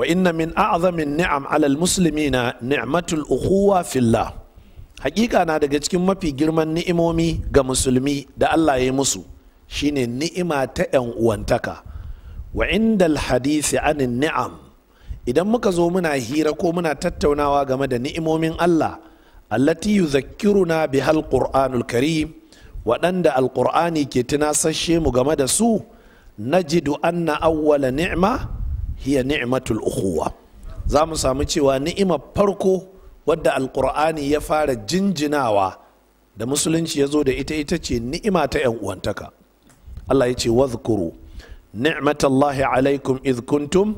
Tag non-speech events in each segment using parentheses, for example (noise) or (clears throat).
wa inna min a'zamin ni'am alal muslimina ni'matul ukhuwa fillah hakika na daga cikin mafi girman ni'imomi ga musulmi da Allah ya yi musu shine ni'ima ta yan uwantaka wa indal hadisi anin ni'am idan muka zo muna hira ko muna tattaunawa game da ni'imomin Allah allati yuzakkiruna bihal qur'anul karim waɗanda alkur'ani ke tunasashe mu game da su najidu anna awwala ni'ma hiya ni'matul ukhuwa za mu samu cewa ni'imar farko wadda alkur'ani ya fara jinjinawa da musulunci ya zo da ita ita ce ni'ima ta 'yan uwantaka Allah ya ce wadhkuru ni'matallahi alaikum idh kuntum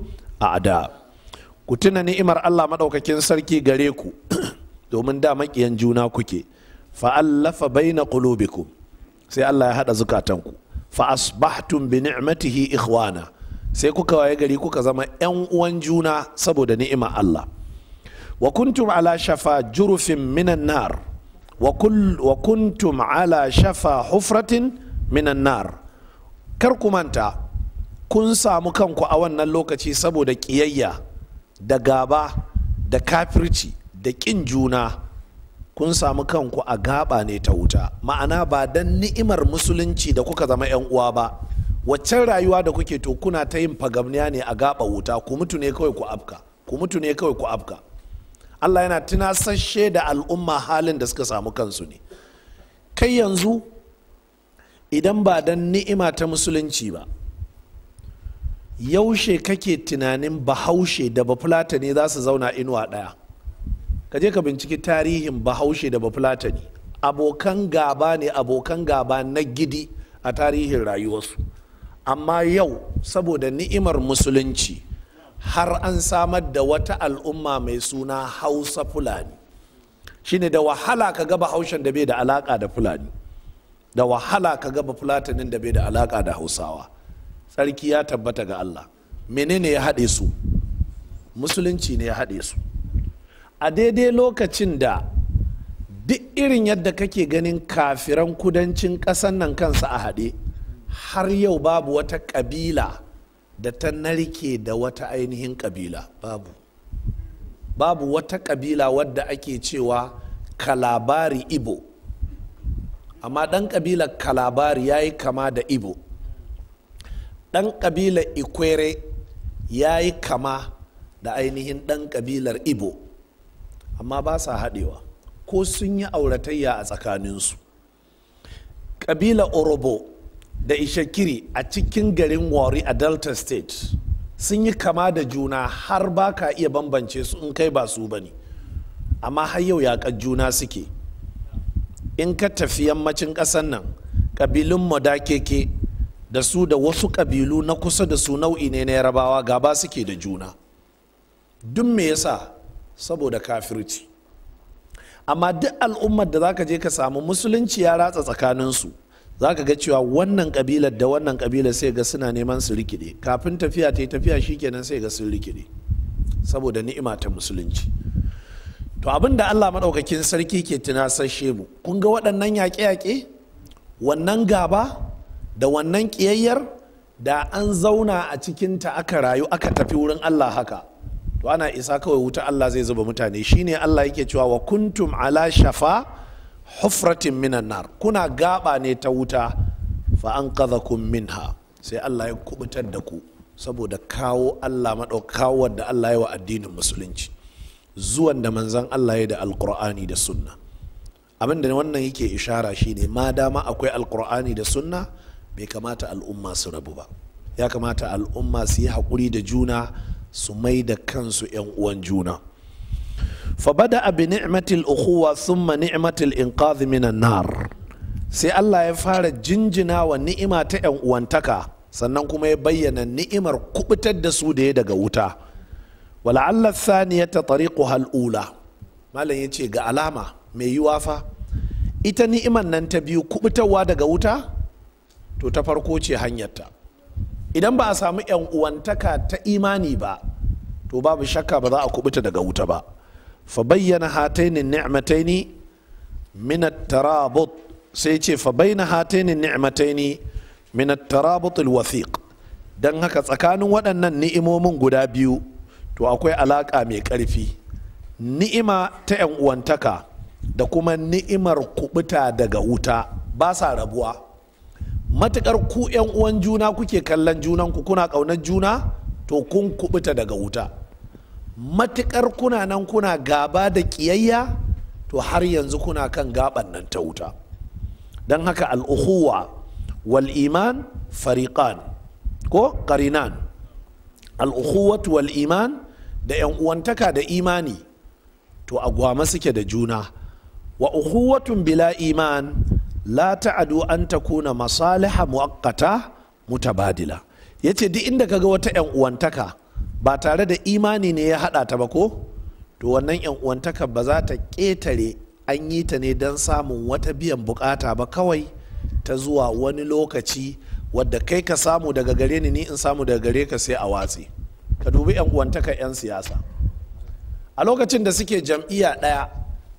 a'da ku tuna ni'imar Allah madaukakin sarki gare ku (clears throat) domin da makiyan juna kuke fa'allafa baina qulubikum sai Allah ya hada zukatanku fa asbahtum bi ni'matihi ikhwana sai kuka waye gari kuka zama 'yan uwan juna saboda ni'ima Allah wa kuntum ala shafa jurufin minan nar wa kuntum ala shafa hufratin minan nar kar ku manta kun samu kanku a wannan lokaci saboda ƙiyayya da gaba da kafirci da ƙin juna kun samu kanku a gaba ne ta wuta ma'ana ba don ni'imar musulunci da kuka zama 'yan uwa ba waccan rayuwa da kuke to kuna ta yin fagamniya ne a gaba wuta ku mutu ne kawai ku afka ku mutu ne kawai ku afka Allah yana tunasashe da al'umma halin da suka samu kansu ne kai yanzu idan ba dan ni'ima ta musulunci ba yaushe kake tunanin bahaushe da bafulatani ne za su zauna inuwa ɗaya ka je ka binciki tarihin bahaushe da bafulatani abokan gaba ne abokan gaba na gidi a tarihin rayuwarsu amma yau saboda ni'imar musulunci har an samar da wata al'umma mai suna hausa fulani shine da wahala ka gaba haushen da bai da alaka da fulani da wahala ka gaba fulatanin da bai da alaka da hausawa sarki ya tabbata ga allah menene ya haɗe su musulunci ne ya haɗe su a daidai lokacin da duk irin yadda kake ganin kafiran kudancin ƙasan nan kansa a haɗe har yau babu wata ƙabila da ta narke da wata ainihin ƙabila babu babu wata ƙabila wadda ake cewa kalabari ibo amma ɗan ƙabila kalabari ya yi kama da ibo ɗan ƙabila ikwere ya yi kama da ainihin ɗan ƙabilar ibo amma ba sa haɗewa ko sun yi auratayya a tsakaninsu ƙabilar orobo da ishakiri a cikin garin wari a delta state sun yi kama da juna har ba ka iya bambance su in kai ba su ba ne amma har yau ya juna suke in ka tafi yammacin ƙasar nan ƙabilun madakeke da su da wasu ƙabilu na kusa da su nau'i ne na yarabawa gaba suke da juna duk me yasa saboda kafirci amma duk al'ummar da za ka je ka samu musulunci ya ratsa tsakaninsu za ka ga cewa wannan kabilar da wannan kabilar sai ga suna neman su rikide kafin tafiya ta yi tafiya shikenan sai ga sun rikide saboda ni'ima ta musulunci to abin da allah maɗaukakin sarki ke tunasashe mu kun ga waɗannan yaƙe-yaƙe wannan gaba da wannan ƙiyayyar da an zauna a cikinta aka rayu aka tafi wurin allah haka to ana isa kawai wuta allah zai zuba mutane shine allah yake cewa wa kuntum ala shafa hufratin minan nar kuna gaba ne ta wuta fa an minha sai Allah ya kubutar da ku saboda kawo Allah maɗaukawar da Allah ya wa addinin musulunci zuwan da manzan Allah ya da alkur'ani da sunna abinda da wannan yake ishara shine ma dama akwai alkur'ani da sunna bai kamata al'umma su rabu ba ya kamata al'umma su yi haƙuri da juna su mai da kansu 'yan uwan juna fabada bi ni'matil ukhuwa summa ni'matil inqadh minan nar sai Allah ya fara jinjina wa ni'ima ta yan uwantaka sannan kuma ya bayyana ni'imar kubutar da su da ya daga wuta Wala wala'alla thaniyata ta al-ula malam yace ga alama mai yiwa fa ita ni'imar nan ta biyu kubutarwa daga wuta to ta farko ce hanyarta idan ba a samu yan uwantaka ta imani ba to babu shakka ba za a kubuta daga wuta ba fa bayyana hatainin ni'mataini min at-tarabut sai ce fa bayyana hatainin ni'mataini min at-tarabut al-wathiq dan haka tsakanin waɗannan ni'imomin guda biyu to akwai alaka mai ƙarfi ni'ima ta yan uwantaka da kuma ni'imar kubuta daga wuta ba sa rabuwa matukar ku yan uwan juna kuke kallon junanku kuna ƙaunar juna to kun kubuta daga wuta matuƙar kuna nan kuna gaba da ƙiyayya to har yanzu kuna kan gaban nan ta wuta don haka al'uhuwa wal iman fariqan ko ƙarinan al'uhuwat wal iman da 'yan uwantaka da imani to agwama suke da juna wa uhuwatun bila iman la ta'adu an takuna masaliha muakkata mutabadila yace duk inda kaga wata 'yan uwantaka ba tare da imani ne ya haɗa ta ba ko to wannan yan uwantaka ba za ta ƙetare an yi ta ne don samun wata biyan bukata ba kawai ta zuwa wani lokaci wadda kai ka samu daga gare ni ni in samu daga gare ka sai a watsi ka dubi yan uwantaka yan siyasa a lokacin da suke jam'iyya ɗaya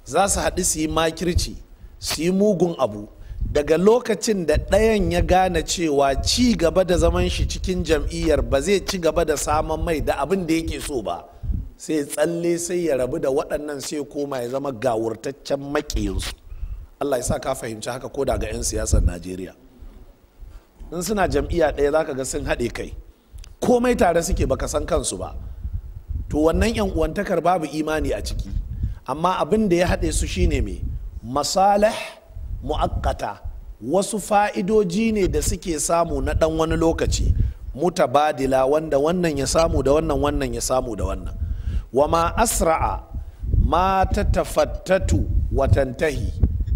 za su haɗu su yi makirci su yi mugun abu daga lokacin da ɗayan ya gane cewa ci gaba da zaman shi cikin jam'iyyar ba zai ci gaba da saman mai da abin da yake so ba sai tsalle sai ya rabu da waɗannan sai koma ya zama gawurtaccen makiyinsu allah ya sa ka fahimci haka ko daga 'yan siyasar najeriya in suna jam'iyya ɗaya za ka ga sun haɗe kai komai tare suke baka san kansu ba to wannan 'yan uwantakar babu imani a ciki amma abin da ya haɗe su shine me. masalah mu'akkata wasu fa'idoji ne da suke samu na ɗan wani lokaci mutabadila wanda wannan ya samu da wannan wannan ya samu da wannan wa ma asra'a ma ta tafattatu watantahi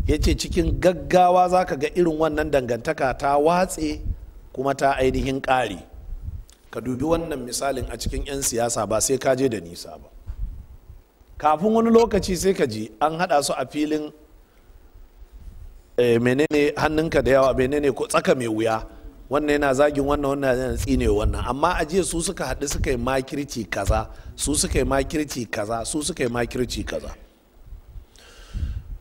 ya ce cikin gaggawa za ka ga irin wannan dangantaka ta watse kuma ta ainihin ƙari ka dubi wannan misalin a cikin 'yan siyasa ba sai ka je da nisa ba kafin wani lokaci sai ka ji an haɗa su a filin Eh, menene hannunka da yawa menene ko tsaka mai wuya wannan yana zagin wannan wannan yana tsine wannan amma a jiya su suka haɗu suka yi makirci kaza su suka yi makirci kaza su suka yi makirci kaza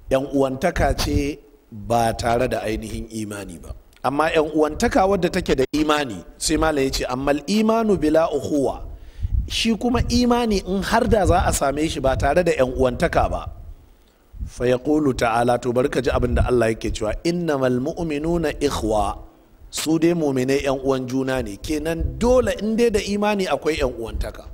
yan uwantaka ce ba tare da ainihin imani ba amma yan uwantaka wadda take da imani sai malam ya ce amma imanu bila uhuwa shi kuma imani in har da za a same shi ba tare da yan uwantaka ba fayaqulu ta'ala to bari ka ji abin da Allah yake cewa innamal mu'minuna ikhwa su dai mu'minai yan uwan juna ne kenan dole in dai da imani akwai yan uwantaka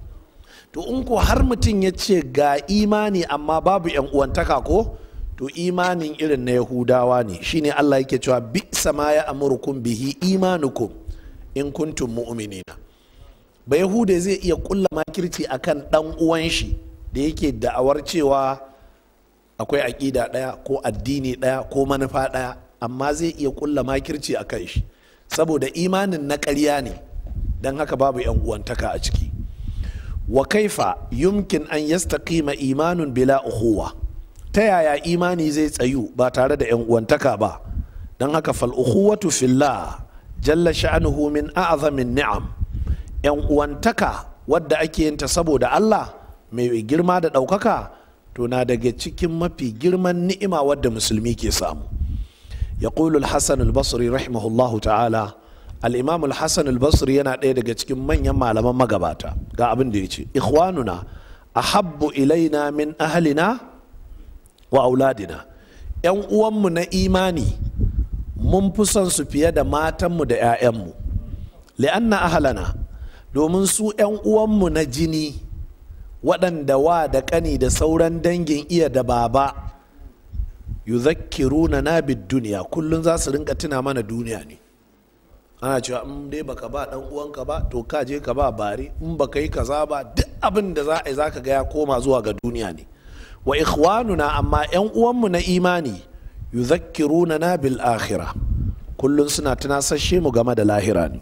to in ko har mutum ya ce ga imani amma babu yan uwantaka ko to imanin irin na yahudawa ne shine Allah yake cewa bi sama ya amurkum bihi imanukum in kuntum mu'minina ba yahude zai iya kulla makirci akan dan uwan shi da yake da'awar cewa akwai aƙida ɗaya ko addini ɗaya ko manufa ɗaya amma zai iya kulla makirci a kai shi saboda imanin na ƙarya ne don haka babu 'yan uwantaka a ciki wa kaifa yumkin an yastaqima imanin bila uhuwa ta yaya imani zai tsayu ba tare da 'yan uwantaka ba don haka fal uhuwatu fillah jalla sha'anuhu min a'zamin ni'am 'yan uwantaka wadda ake yinta saboda Allah mai girma da ɗaukaka to na daga cikin mafi girman ni'ima wadda musulmi ke samu ya al-hasan albasri rahimahullahu ta'ala al-imam albasri yana ɗaya daga cikin manyan malaman magabata ga abin da ya ce ikhwanuna A habbu ilaina min ahalina wa auladina yan uwanmu na imani mun fi son su fiye da matanmu da 'ya'yanmu li'anna ahlana domin su yan uwanmu na jini waɗanda wa da ƙani da sauran dangin iya da baba yuzakkiru na bid duniya kullum za su rinka tuna mana duniya ne ana cewa in dai baka ba ɗan uwanka ba to ka je ka ba bare in baka yi kaza ba duk abin da za a yi zaka ga ya koma zuwa ga duniya ne wa ikhwanuna amma yan uwanmu na imani yuzakkiruna na bil akhirah kullum suna tunasashe mu game da lahira ne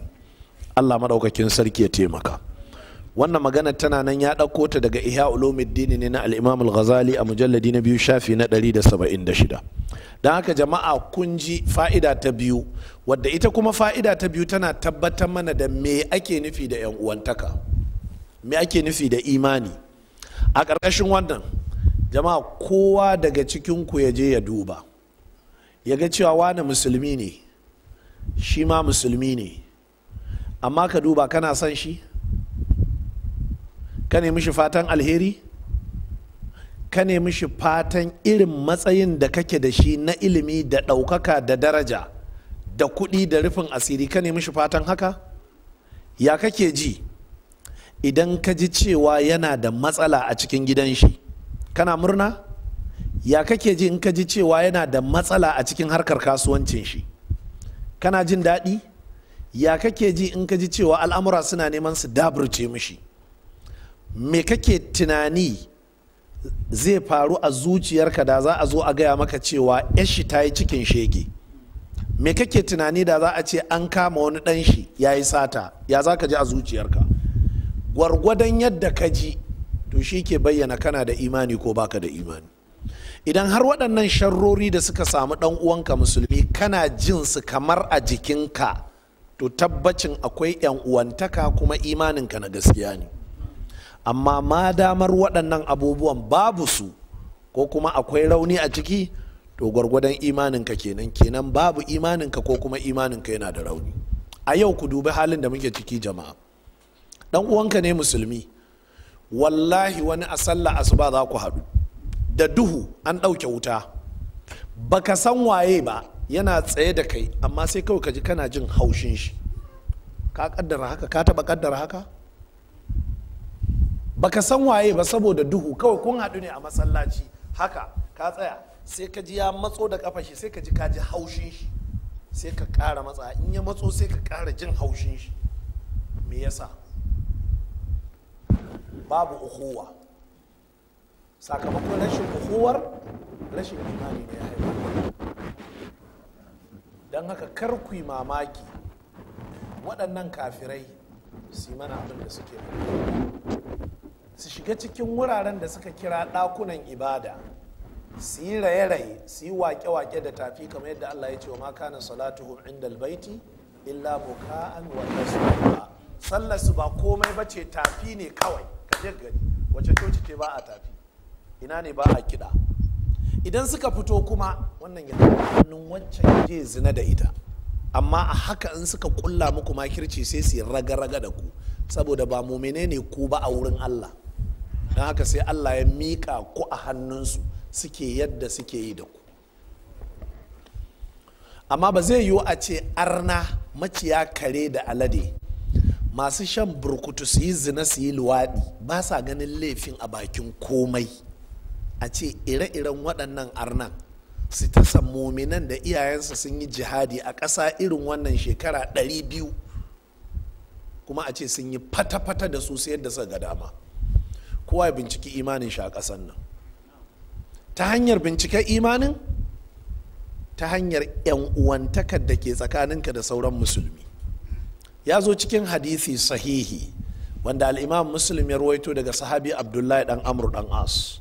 Allah madaukakin sarki ya taimaka wannan magana tana nan ya ɗauko ta daga ihya ulumuddin ne na al-imam al-ghazali a mujalladi na biyu shafi na shida. don haka jama'a kun ji fa'ida ta biyu wadda ita kuma fa'ida ta biyu tana tabbatar mana da me ake nufi da yan uwantaka me ake nufi da imani a ƙarƙashin wannan jama'a kowa daga cikin ku ya je ya duba ya ga cewa wani musulmi ne shi ma musulmi ne amma ka duba kana son shi ka nemi shi fatan alheri ka nemi shi fatan irin matsayin da kake da shi na ilimi da ɗaukaka da daraja da kuɗi da rufin asiri ka nemi shi fatan haka ya kake ji idan ka ji cewa yana da matsala a cikin gidan shi kana murna ya kake ji in ka ji cewa yana da matsala a cikin harkar kasuwancin shi kana jin daɗi ya kake ji in ka ji cewa al'amura suna neman su daburce mishi me kake tunani zai faru a zuciyarka da za a zo a gaya maka cewa yashi ta yi cikin shege me kake tunani da za a ce an kama wani ɗan shi ya yi sata ya za ka ji a zuciyarka gwargwadon yadda ka ji to shi ke bayyana kana da imani ko baka da imani idan har waɗannan sharrori da suka samu ɗan uwanka musulmi kana jin su kamar a jikinka to tabbacin akwai 'yan uwantaka kuma imaninka na gaskiya ne amma ma damar waɗannan abubuwan babu su ko kuma akwai rauni a ciki to gwargwadon imaninka kenan kenan babu imaninka ko kuma imaninka yana da rauni a yau ku dubi halin da muke ciki jama'a dan uwanka ne musulmi wallahi wani a sallah asuba za ku haɗu da duhu an ɗauke wuta baka san waye ba yana tsaye da kai amma sai kawai ka ji kana jin haushin shi ka kaddara haka ka taɓa kaddara haka baka san waye ba saboda duhu kawai kun haɗu ne a masallaci haka ka tsaya sai ka ji ya matso da kafa shi sai ka ji ka ji haushin shi sai ka ƙara matsa in ya matso sai ka ƙara jin haushin shi me yasa babu uhuwa sakamakon rashin uhuwar rashin imani ne ya haifar don haka kar ku yi mamaki waɗannan kafirai su yi mana abin da suke su shiga cikin wuraren da suka kira ɗakunan ibada su yi raye-raye su yi wake-wake da tafi kamar yadda Allah ya ce wa makana salatuhum inda albaiti illa muka'an wa sallar su ba komai ba ce tafi ne kawai ka je gani wace coci ce ba a tafi ina ne ba a kiɗa idan suka fito kuma wannan ya hannun waccan je zina da ita amma a haka in suka kulla muku makirci sai su yi raga-raga da ku saboda ba mu ne ku ba a wurin Allah don haka sai allah ya mika ku a hannunsu suke yadda suke yi da ku amma ba zai yiwu a ce arna maciya kare da alade masu shan burkutu su yi zina su yi luwaɗi ba sa ganin laifin a bakin komai a ce ire-iren waɗannan arnan su ta muminan da iyayensu sun yi jihadi a ƙasa irin wannan shekara 200 kuma a ce sun yi fata-fata da su sai yadda suka ga dama kowa ya binciki imanin shi a ƙasan nan ta hanyar binciken imanin ta hanyar yan uwantakar da ke tsakaninka da sauran musulmi ya zo cikin hadisi sahihi wanda al'imam muslim ya ruwaito daga sahabi abdullahi dan amur dan as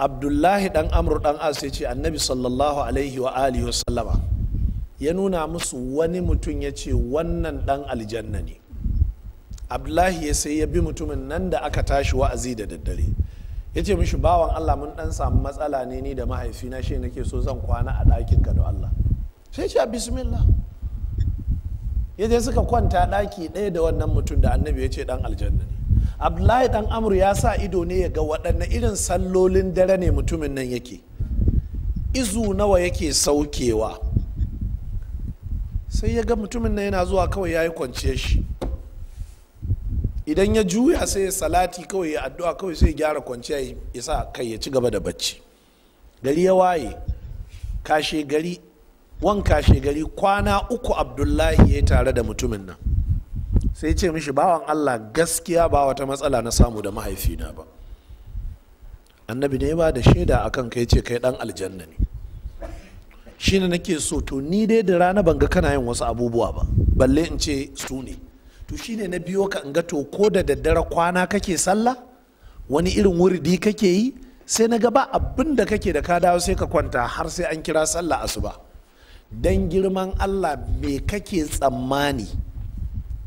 abdullahi dan amur dan as ya ce annabi sallallahu alaihi wa alihi ya nuna musu wani mutum ya ce wannan dan aljanna ne abdullahi ya sai ya bi mutumin nan da aka tashi wa'azi da daddare ya ce mishi bawan allah mun dan samu matsala ne ni da mahaifina shi nake so zan kwana a ɗakin ka da allah sai ce bismillah ya je suka kwanta ɗaki ɗaya da wannan mutum da annabi ya ce ɗan aljanna ne abdullahi ɗan Amru ya sa ido ne ya ga waɗanne irin sallolin dare ne mutumin nan yake izu nawa yake saukewa sai ya ga mutumin nan yana zuwa kawai ya yi kwanciyar shi idan ya juya sai ya salati kawai ya addu'a kawai sai ya gyara kwanciya ya sa kai ya ci gaba da bacci gari ya waye kashe gari wan kashe gari kwana uku abdullahi ya tare da mutumin nan sai ce mishi bawan allah gaskiya ba wata matsala na samu da mahaifina ba annabi ne ba da shaida akan kai ce kai dan aljanna ne shi ne nake so to ni dai da rana ban ga kana yin wasu abubuwa ba balle in ce su ne to shi ne na biyo ka in ga to ko da daddare kwana kake sallah wani irin wuridi kake yi sai na ga ba abin da kake da ka dawo sai ka kwanta har sai an kira sallah asuba dan girman Allah me kake tsammani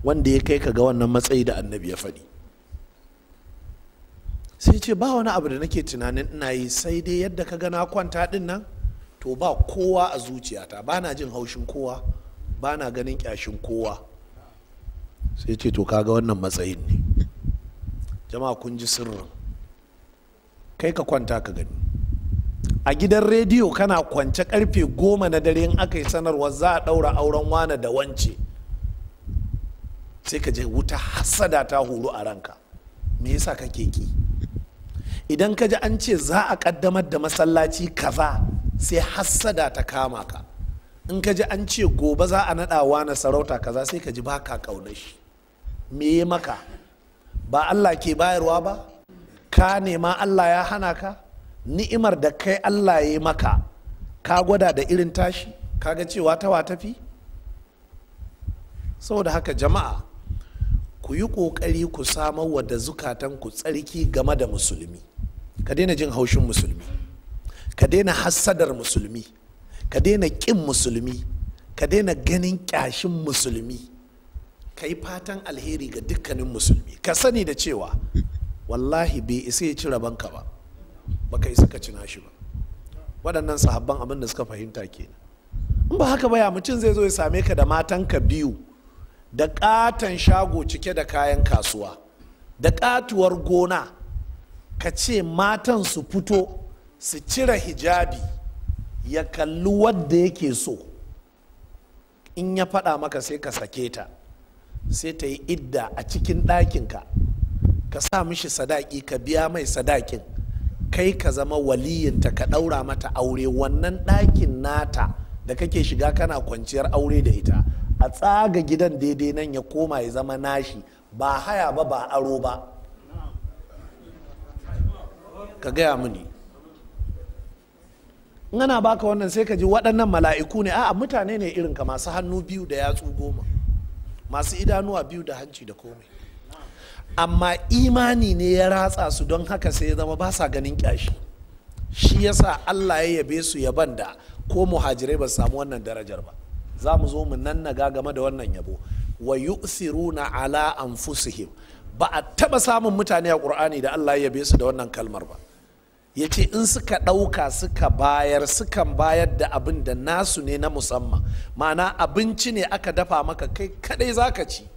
wanda ya kai ka ga wannan matsayi da annabi ya faɗi sai ce ba wani abu da nake tunanin ina yi sai dai yadda ka gana kwanta din nan to ba kowa a zuciyata ba na jin haushin kowa ba na ganin kyashin kowa sai ce to kaga wannan matsayin ne jama'a kun ji sirrin kai ka kwanta ka gani a gidan rediyo kana kwance karfe goma na dare in aka yi sanarwa za a ɗaura auren wane da wance sai ka je wuta hassada ta horo a ranka me yasa kake ki idan ka ji an ce za a ƙaddamar da masallaci kaza sai hassada ta kama ka in ka ji an ce gobe za a naɗa na sarauta kaza sai ka ji ba ka ƙaunar me ya maka ba Allah ke bayarwa ba ka nema Allah ya hana ka ni'imar da kai Allah ya maka ka gwada da irin tashi kaga cewa ta tafi saboda haka jama'a ku yi ƙoƙari ku samar wa da zukatan ku tsarki game da musulmi ka daina jin haushin musulmi ka daina hassadar musulmi ka daina ƙin musulmi ka daina ganin ƙyashin musulmi ka yi fatan alheri ga dukkanin musulmi ka sani da cewa wallahi bai isa ya ci rabanka ba ba baka isa ka cina shi ba waɗannan sahabban abin da suka fahimta kenan in ba haka baya mutum zai zo ya same ka da matanka biyu da ƙaton shago cike da kayan kasuwa da ƙatuwar gona ka ce matan su fito su cire hijabi ya kalli wadda yake so in ya faɗa maka sai ka sake ta sai ta yi idda a cikin ɗakinka ka sa mishi sadaki ka biya mai sadakin kai ka zama waliyinta ka ɗaura mata aure wannan ɗakin nata da kake shiga kana kwanciyar aure da ita a tsaga gidan daidai nan ya koma ya zama nashi ba haya ba ba aro ba ka gaya mini in ana baka wannan sai ka ji waɗannan mala'iku ne a'a mutane ne irin ka masu hannu biyu da yatsu goma masu idanuwa biyu da hanci da komai amma imani ne ya ratsa su don haka sai ya zama ba sa ganin kyashi shi ya sa Allah ya yabe su yaban da ko muhajirai ba su samu wannan darajar ba za mu zo mu nannaga game da wannan yabo wa na ala anfusihim ba a taba samun mutane a qur'ani da Allah ya yabe su da wannan kalmar ba ya ce in suka ɗauka suka bayar sukan bayar da abin da nasu ne na musamman ma'ana abinci ne aka dafa maka kai kadai za ka ci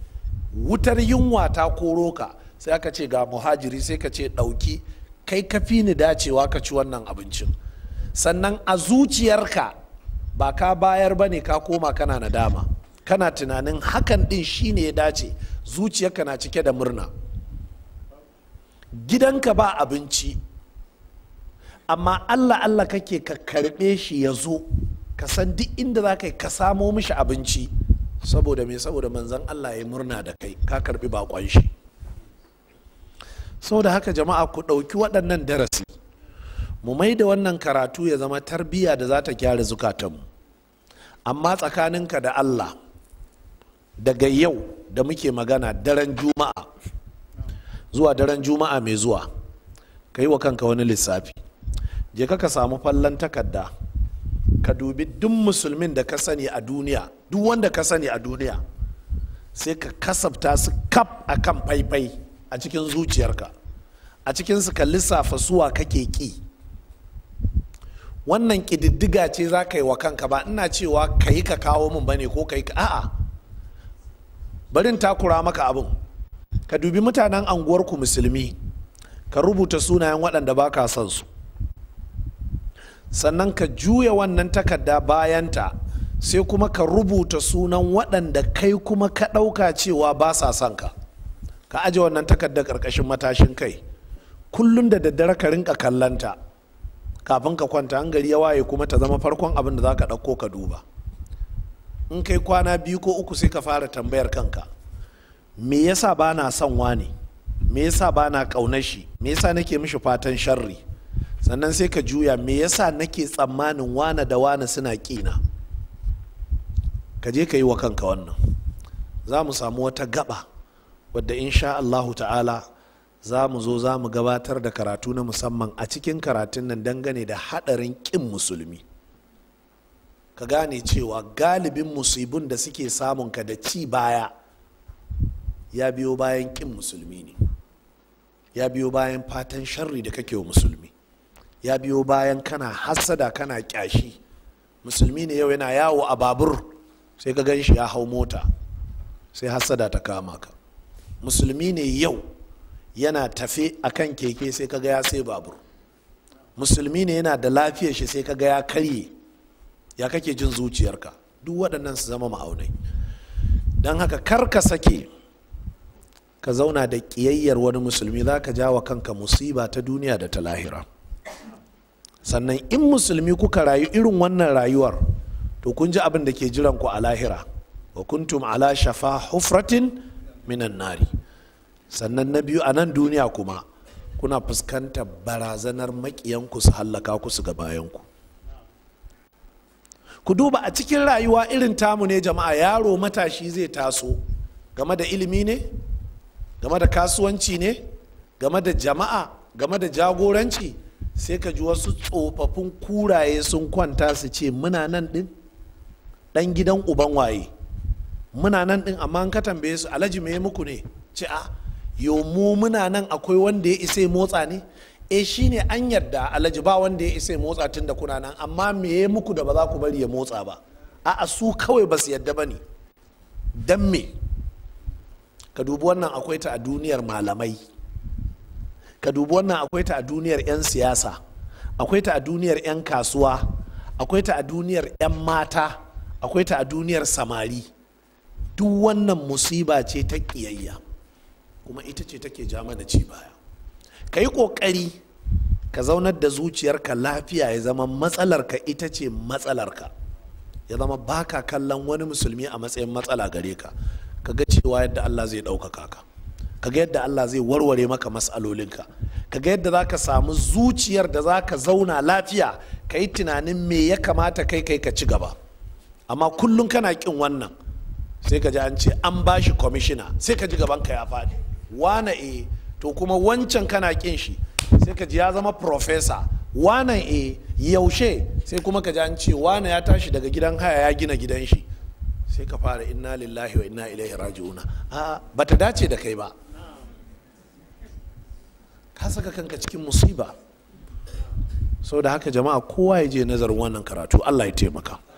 wutar yunwa ta koro ka sai aka ce ga muhajiri sai ka ce ɗauki kai ka fi ni dacewa ka ci wannan abincin sannan a zuciyarka ba ka bayar ba ne ka koma kana nadama kana tunanin hakan ɗin ne ya dace zuciyarka na cike da murna gidanka ba abinci amma allah allah kake ka karɓe shi ya zo ka san duk inda za ka yi ka samo mishi abinci saboda me saboda manzan allah ya murna da kai ka karɓi bakon shi saboda haka jama'a ku ɗauki waɗannan darasi mu mai da wannan karatu ya zama tarbiyya da za ta gyara zukatanmu amma tsakaninka da allah daga yau da muke magana daren juma'a zuwa daren juma'a mai zuwa ka yi wa kanka wani lissafi je ka samu fallon takarda ka dubi duk musulmin da ka sani a duniya duk wanda ka sani a duniya sai ka kasafta su kaf a kan faifai a cikin zuciyarka a cikinsu ka lissafa suwa kake ki wannan kididdiga ce za ka yi wa kanka ba ina cewa ka yi ka kawo min bane ko ka yi ka a'a barin takura maka abin ka dubi mutanen anguwarku musulmi ka rubuta sunayen waɗanda ba ka son su sannan ka juya wannan takarda bayanta sai kuma ka rubuta sunan waɗanda kai kuma ka ɗauka cewa ba sa son ka ka aje wannan takarda ƙarƙashin matashin kai kullum da daddare ka rinka kallanta kafin ka kwanta an gari ya waye kuma ta zama farkon abin da za ka ɗauko ka duba in kai kwana biyu ko uku sai ka fara tambayar kanka me yasa ba na son wane me yasa ba na ƙaunashi me yasa nake mishi fatan sharri sannan sai ka juya me yasa nake tsammanin wana da wana suna ƙina ka je ka yi wa kanka wannan za mu samu wata gaba wadda insha Allahu ta'ala za mu zo za mu gabatar da karatu na musamman a cikin karatun nan dangane da haɗarin ƙin musulmi ka gane cewa galibin musibin da suke samun ka da ci baya ya biyo bayan ƙin musulmi ne ya biyo bayan fatan sharri da kake wa musulmi ya biyo bayan kana hassada kana kyashi musulmi ne yau yana yawo a babur sai ka gan shi ya hau mota sai hassada ta kama ka musulmi ne yau yana tafe a kan keke sai ka ga ya sai babur musulmi ne yana da lafiyar shi sai ka ga ya karye ya kake jin zuciyarka duk waɗannan su zama ma'aunai don haka kar ka sake ka zauna da ƙiyayyar wani musulmi za ka jawa kanka musiba ta duniya da ta lahira sannan in musulmi kuka rayu irin wannan rayuwar to kun ji abin da ke jiran ku a lahira wa kuntum ala shafa hufratin minan nari sannan na biyu a nan duniya kuma kuna fuskantar barazanar makiyanku su hallaka ku su ga bayanku ku duba a cikin rayuwa irin tamu ne jama'a yaro matashi zai taso game da ilimi ne game da kasuwanci ne game da jama'a game da jagoranci sai ka ji wasu tsofaffin kuraye sun kwanta su ce muna nan ɗin ɗan gidan uban waye muna nan ɗin amma an ka tambaye su alhaji me muku ne ce a yo muna nan akwai wanda ya isa motsa eh, ne e shine an yarda alhaji ba wanda ya isa motsa tun da kuna nan amma me ya muku da ba za ku bari ya motsa ba a'a su kawai ba su yarda ba ne don me ka dubi wannan akwai ta a duniyar malamai ka dubi wannan akwai ta a duniyar 'yan siyasa akwai ta a duniyar 'yan kasuwa akwai ta a duniyar 'yan mata akwai ta a duniyar samari duk wannan musiba ce ta ƙiyayya kuma ita ce take ja mana ci baya ka yi ƙoƙari ka zaunar da zuciyarka lafiya ya zama matsalarka ita ce matsalarka ya zama baka kallon wani musulmi a matsayin matsala gare ka ka ga cewa yadda allah zai ɗaukaka ka kaga yadda Allah zai warware maka matsalolinka kaga yadda za ka samu zuciyar da za ka zauna lafiya ka yi tunanin me ya kamata kai kai ka ci gaba amma kullum kana kin wannan sai ka ji an ce an ba shi kwamishina sai ka ji gaban ka ya faɗi wane e to kuma wancan kana kin shi sai ka ji ya zama profesa wana e yaushe sai kuma ka ji an ce wane ya tashi daga gidan haya ya gina gidan shi sai ka fara inna lillahi wa inna ilaihi raji'una a bata dace da kai ba ka saka kanka cikin musiba sau da haka jama'a kowa ya je nazarin wannan karatu allah ya taimaka